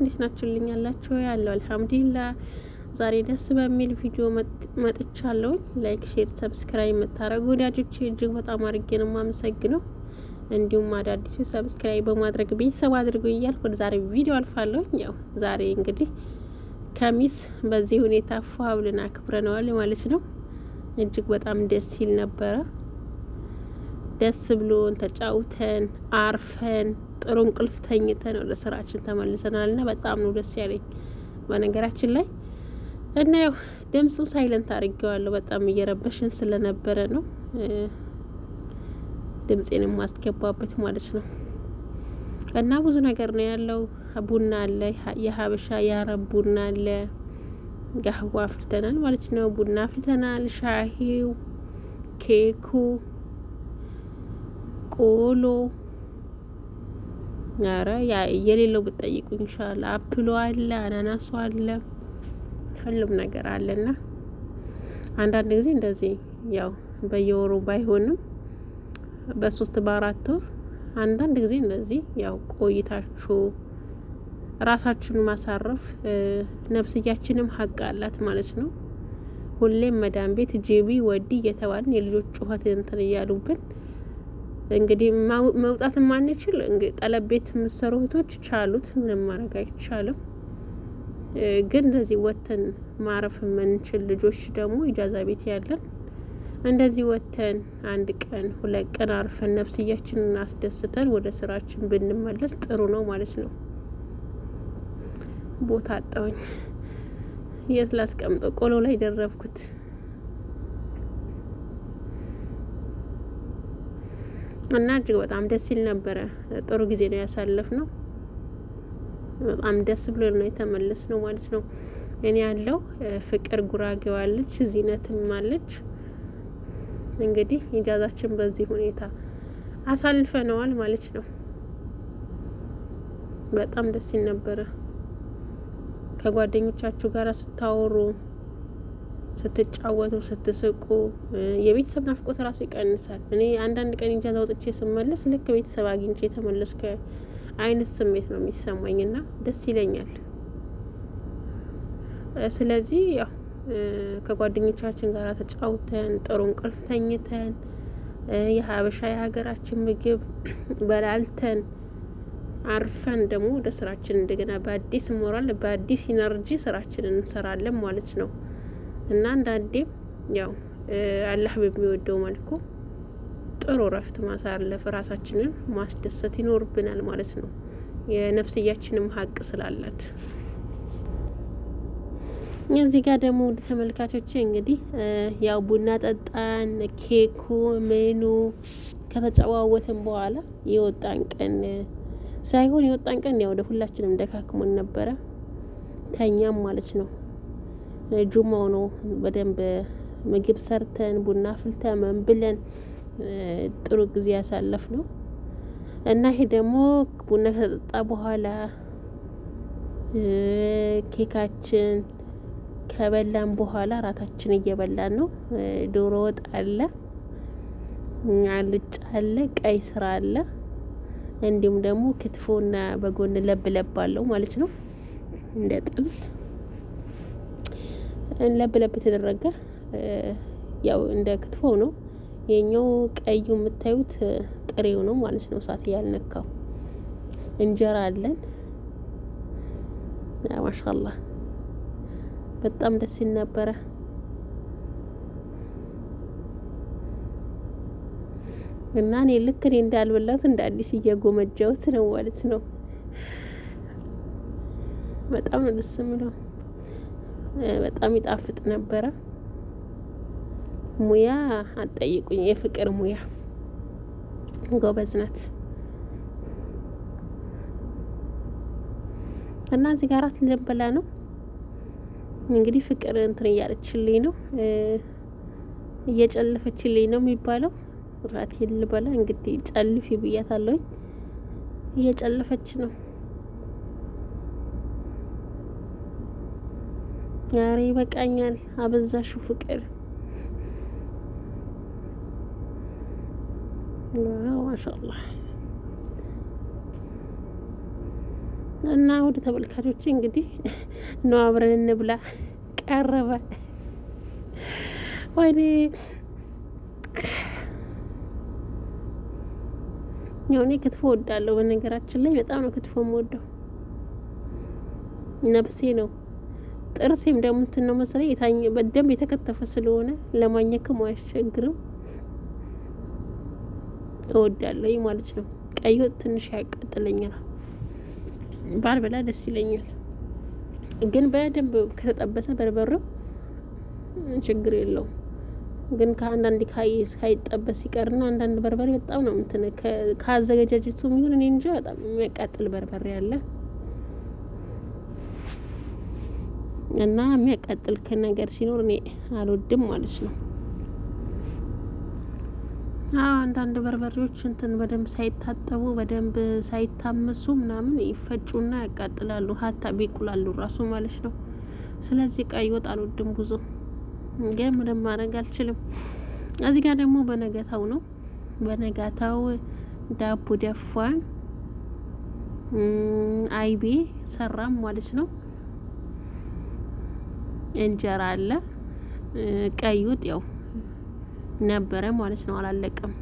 እንዴት ናችሁልኝ ያላችሁ ያለው አልሐምዱሊላ። ዛሬ ደስ በሚል ቪዲዮ መጥቻለሁ። ላይክ፣ ሼር፣ ሰብስክራይብ የምታደርጉ ወዳጆች እጅግ በጣም አድርጌ ነው የማመሰግነው። እንዲሁም አዳዲሱ ሰብስክራይብ በማድረግ ቤተሰብ አድርጉ እያልኩ ወደ ዛሬ ቪዲዮ አልፋለሁ። ያው ዛሬ እንግዲህ ከሚስ በዚህ ሁኔታ ፏ ብለን አክብረነዋል ማለት ነው። እጅግ በጣም ደስ ሲል ነበረ። ደስ ብሎን ተጫውተን አርፈን ጥሩ እንቅልፍ ተኝተን ወደ ስራችን ተመልሰናል እና በጣም ነው ደስ ያለኝ በነገራችን ላይ እና ያው ድምፁ ሳይለንት አድርጌዋለሁ በጣም እየረበሽን ስለነበረ ነው ድምፄን የማስገባበት ማለት ነው። እና ብዙ ነገር ነው ያለው። ቡና አለ፣ የሀበሻ የአረብ ቡና አለ። ጋህዋ አፍልተናል ማለት ነው። ቡና አፍልተናል። ሻሂው፣ ኬኩ፣ ቆሎ ኧረ የሌለው ብጠይቁ እንሻላ አፕሎ አለ፣ አናናሱ አለ፣ ሁሉም ነገር አለና አንዳንድ ጊዜ እንደዚህ ያው በየወሩ ባይሆንም በሶስት በአራት ወር አንዳንድ ጊዜ እንደዚህ ያው ቆይታችሁ ራሳችሁን ማሳረፍ ነፍስያችንም ሀቅ አላት ማለት ነው። ሁሌም መዳን ቤት ጂቢ ወዲ እየተባልን የልጆች ጩኸት እንትን እያሉብን እንግዲህ መውጣት ማንችል ቤት የምትሰሩ እህቶች ቻሉት፣ ምንም ማድረግ አይቻልም። ግን እንደዚህ ወተን ማረፍ የምንችል ልጆች ደግሞ ኢጃዛ ቤት ያለን እንደዚህ ወተን አንድ ቀን ሁለት ቀን አርፈን ነፍስያችንን አስደስተን ወደ ስራችን ብንመለስ ጥሩ ነው ማለት ነው። ቦታ አጣውኝ፣ የት ላስቀምጠው? ቆሎ ላይ ደረብኩት። እና እጅግ በጣም ደስ ይል ነበረ። ጥሩ ጊዜ ነው ያሳለፍ ነው። በጣም ደስ ብሎ ነው የተመለስ ነው ማለት ነው። እኔ ያለው ፍቅር አለች፣ ዚነትም አለች። እንግዲህ ኢጃዛችን በዚህ ሁኔታ አሳልፈነዋል ማለት ነው። በጣም ደስ ይል ነበረ ከጓደኞቻችሁ ጋር ስታወሩ ስትጫወቱ ስትስቁ የቤተሰብ ናፍቆት ራሱ ይቀንሳል። እኔ አንዳንድ ቀን እንጃ ወጥቼ ስመለስ ልክ ቤተሰብ አግኝቼ የተመለስኩ አይነት ስሜት ነው የሚሰማኝ እና ደስ ይለኛል። ስለዚህ ያው ከጓደኞቻችን ጋር ተጫውተን ጥሩ እንቅልፍ ተኝተን የሀበሻ የሀገራችን ምግብ በላልተን አርፈን ደግሞ ወደ ስራችን እንደገና በአዲስ ሞራል በአዲስ ኢነርጂ ስራችንን እንሰራለን ማለት ነው። እና አንዳንዴም ያው አላህ በሚወደው መልኩ ጥሩ እረፍት ማሳለፍ ራሳችንን ማስደሰት ይኖርብናል ማለት ነው። የነፍስያችንም ሀቅ ስላላት እዚህ ጋር ደግሞ ውድ ተመልካቾቼ እንግዲህ ያው ቡና ጠጣን፣ ኬኩ ምኑ ከተጨዋወትን በኋላ የወጣን ቀን ሳይሆን የወጣን ቀን ያው ለሁላችንም ደካክሞን ነበረ ተኛም ማለት ነው። ጁማው ነው። በደንብ ምግብ ሰርተን ቡና አፍልተን ምን ብለን ጥሩ ጊዜ ያሳለፍ ነው እና ይሄ ደግሞ ቡና ከተጠጣ በኋላ ኬካችን ከበላን በኋላ እራታችን እየበላን ነው። ዶሮ ወጥ አለ፣ አልጫ አለ፣ ቀይ ስራ አለ፣ እንዲሁም ደግሞ ክትፎና በጎን ለብ ለብ አለው ማለት ነው እንደ ጥብስ ለብ ለብ የተደረገ ያው እንደ ክትፎ ነው። የኛው ቀዩ የምታዩት ጥሬው ነው ማለት ነው፣ እሳት ያልነካው እንጀራ አለን። ማሻአላህ በጣም ደስ ይል ነበረ። እና እኔ ልክ እኔ እንዳልበላሁት እንደ አዲስ እየጎመጃሁት ነው ማለት ነው። በጣም ነው ደስ የሚለው። በጣም ይጣፍጥ ነበረ። ሙያ አጠይቁኝ፣ የፍቅር ሙያ ጎበዝ ናት። እና እዚህ ጋር ልንበላ ነው እንግዲህ ፍቅር እንትን እያለችልኝ ነው እየጨለፈችልኝ ነው የሚባለው። ራቴን ልበላ እንግዲህ ጨልፊ ብያታለሁኝ። እየጨለፈች ነው። ኧረ ይበቃኛል፣ አበዛሹ ፍቅር። ማሻአላህ እና ወደ ተመልካቾች እንግዲህ ነው አብረን እንብላ ቀረበ። ወይኔ ያው ክትፎ ወዳለሁ። በነገራችን ላይ በጣም ነው ክትፎ የምወደው፣ ነፍሴ ነው። ጥርሴም ደግሞ እንትን ነው መሰለኝ በደንብ የተከተፈ ስለሆነ ለማኘክም አያስቸግርም። እወዳለሁ ማለት ነው። ቀይ ወጥ ትንሽ ያቃጥለኛል፣ ባልበላ ደስ ይለኛል። ግን በደንብ ከተጠበሰ በርበሬው ችግር የለውም። ግን ከአንዳንድ ካይጠበስ ሲቀርና አንዳንድ በርበሬ በጣም ነው ምትን ከአዘገጃጀቱ የሚሆን እኔ እንጂ በጣም የሚያቃጥል በርበሬ አለ። እና የሚያቃጥል ነገር ሲኖር እኔ አልወድም ማለት ነው። አንዳንድ በርበሬዎች እንትን በደንብ ሳይታጠቡ በደንብ ሳይታመሱ ምናምን ይፈጩና ያቃጥላሉ። ሀታ ቢቁላሉ ራሱ ማለት ነው። ስለዚህ ቀይ ወጥ አልወድም ብዙ ግን ምንም ማድረግ አልችልም። እዚህ ጋር ደግሞ በነጋታው ነው በነጋታው ዳቦ ደፋን አይቤ ሰራም ማለት ነው። እንጀራ አለ። ቀይ ወጥ ያው ነበረ ማለት ነው፣ አላለቀም።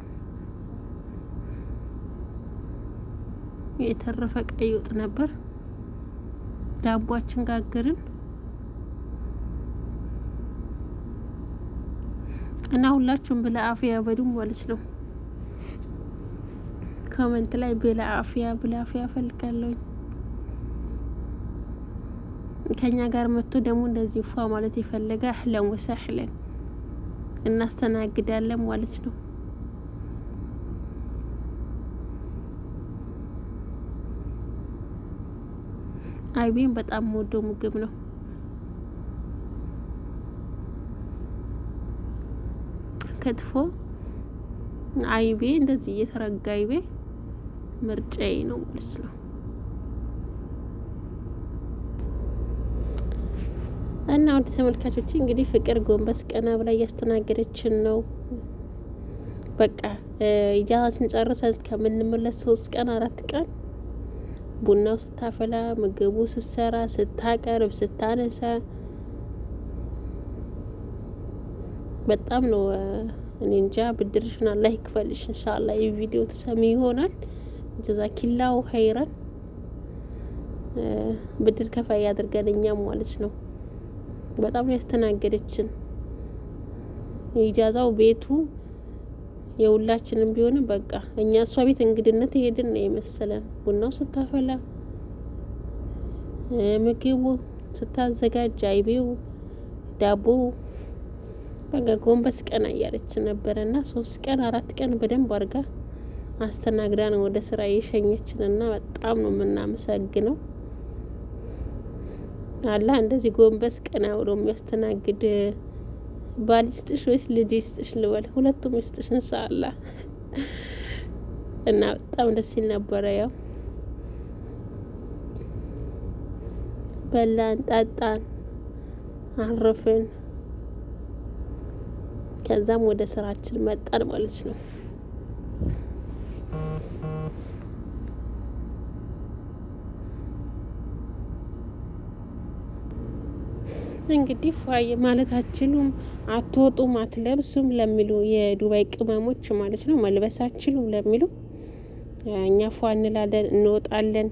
የተረፈ ቀይ ወጥ ነበር። ዳቧችን ጋግርን እና ሁላችሁም ብላ አፍያ በሉ ማለት ነው። ኮመንት ላይ ብላ አፍያ ብላ ከኛ ጋር መጥቶ ደግሞ እንደዚህ ፏ ማለት የፈለገ አህለን ወሰህለን እናስተናግዳለን ማለት ነው። አይቤን በጣም ወዶ ምግብ ነው። ከትፎ አይቤ እንደዚህ እየተረጋ አይቤ ምርጫዬ ነው ማለት ነው። እና ውድ ተመልካቾች እንግዲህ ፍቅር ጎንበስ ቀና ብላ እያስተናገደችን ነው። በቃ ኢጃዛችን ጨርሰን ከምንመለስ ሶስት ቀን አራት ቀን ቡናው ስታፈላ፣ ምግቡ ስትሰራ፣ ስታቀርብ፣ ስታነሳ በጣም ነው እኔ እንጃ። ብድርሽን አላህ ይክፈልሽ። እንሻላ ይህ ቪዲዮ ተሰሚ ይሆናል። ጀዛኪላው ኸይረን ብድር ከፋይ ያድርገን እኛም ማለት ነው። በጣም ያስተናገደችን። ኢጃዛው ቤቱ የሁላችንም ቢሆንም በቃ እኛ እሷ ቤት እንግድነት ሄድን ነው የመሰለን። ቡናው ስታፈላ፣ ምግቡ ስታዘጋጅ፣ አይቤው፣ ዳቦ በቃ ጎንበስ ቀና እያለች ነበረ እና ሶስት ቀን አራት ቀን በደንብ አድርጋ አስተናግዳ ነው ወደ ስራ የሸኘችን እና በጣም ነው የምናመሰግነው። አላህ እንደዚህ ጎንበስ ቀና ብሎ የሚያስተናግድ ባል ይስጥሽ ወይስ ልጅ ይስጥሽ ልበል? ሁለቱም ይስጥሽ እንሻአላህ። እና በጣም ደስ ይል ነበረ። ያው በላን፣ ጠጣን፣ አረፍን። ከዛም ወደ ስራችን መጣን ማለት ነው። እንግዲህ ፏዬ ማለት አትችሉም፣ አትወጡም፣ አትለብሱም ለሚሉ የዱባይ ቅመሞች ማለት ነው መልበስ ለሚሉ እኛ ፏ እንላለን፣ እንወጣለን፣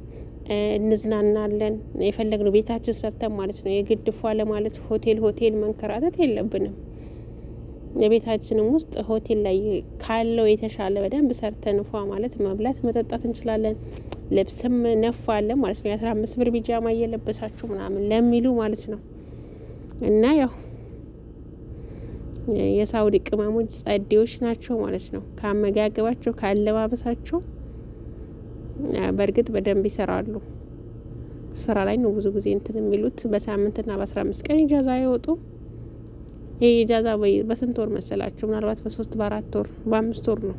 እንዝናናለን የፈለግነው ቤታችን ሰርተን ማለት ነው። የግድ ፏ ለማለት ሆቴል ሆቴል መንከራተት የለብንም። የቤታችንም ውስጥ ሆቴል ላይ ካለው የተሻለ በደንብ ሰርተን ፏ ማለት መብላት መጠጣት እንችላለን። ልብስም ነፋለን ማለት ነው። የአስራ አምስት ብር ቢጃማ እየለበሳችሁ ምናምን ለሚሉ ማለት ነው እና ያው የሳውዲ ቅመሞች ጸዴዎች ናቸው ማለት ነው። ከአመጋገባቸው ካለባበሳቸው፣ በእርግጥ በደንብ ይሰራሉ። ስራ ላይ ነው ብዙ ጊዜ እንትን የሚሉት በሳምንትና በአስራ አምስት ቀን ኢጃዛ አይወጡ። ይህ ኢጃዛ በስንት ወር መሰላችሁ? ምናልባት በሶስት በአራት ወር በአምስት ወር ነው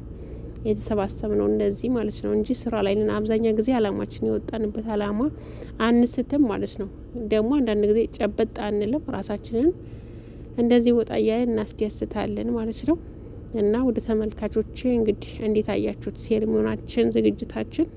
የተሰባሰብ ነው እንደዚህ ማለት ነው እንጂ ስራ ላይ ነን። አብዛኛ ጊዜ አላማችን የወጣንበት አላማ አንስትም ማለት ነው። ደግሞ አንዳንድ ጊዜ ጨበጥ አንልም፣ ራሳችንን እንደዚህ ወጣ እያለን እናስደስታለን ማለት ነው። እና ወደ ተመልካቾች እንግዲህ እንዴት አያችሁት ሴሪሞናችን ዝግጅታችን